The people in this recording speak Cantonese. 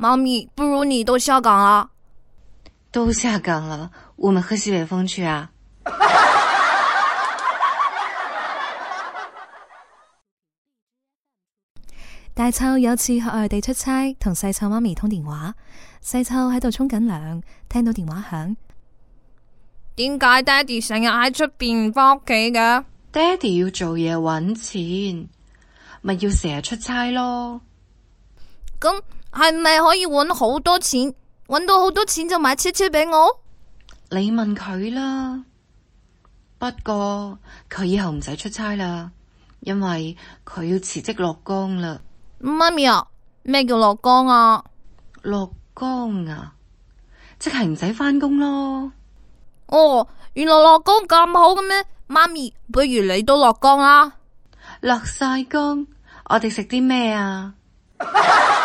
媽咪，不如你都下崗啦，都下崗啦，我們喝西北風去啊！ 大臭有次去外地出差，同細臭媽咪通電話，細臭喺度沖緊涼，聽到電話響，點解爹哋成日喺出邊唔翻屋企㗎？爹哋要做嘢搵錢，咪要成日出差咯。咁係咪可以揾好多錢？揾到好多錢就買車車俾我。你問佢啦。不過佢以後唔使出差啦，因為佢要辭職落崗啦。媽咪啊，咩叫落崗啊？落崗啊，即係唔使返工咯。哦，原來落崗咁好嘅咩？媽咪，不如你都落崗啦。落晒崗，我哋食啲咩啊？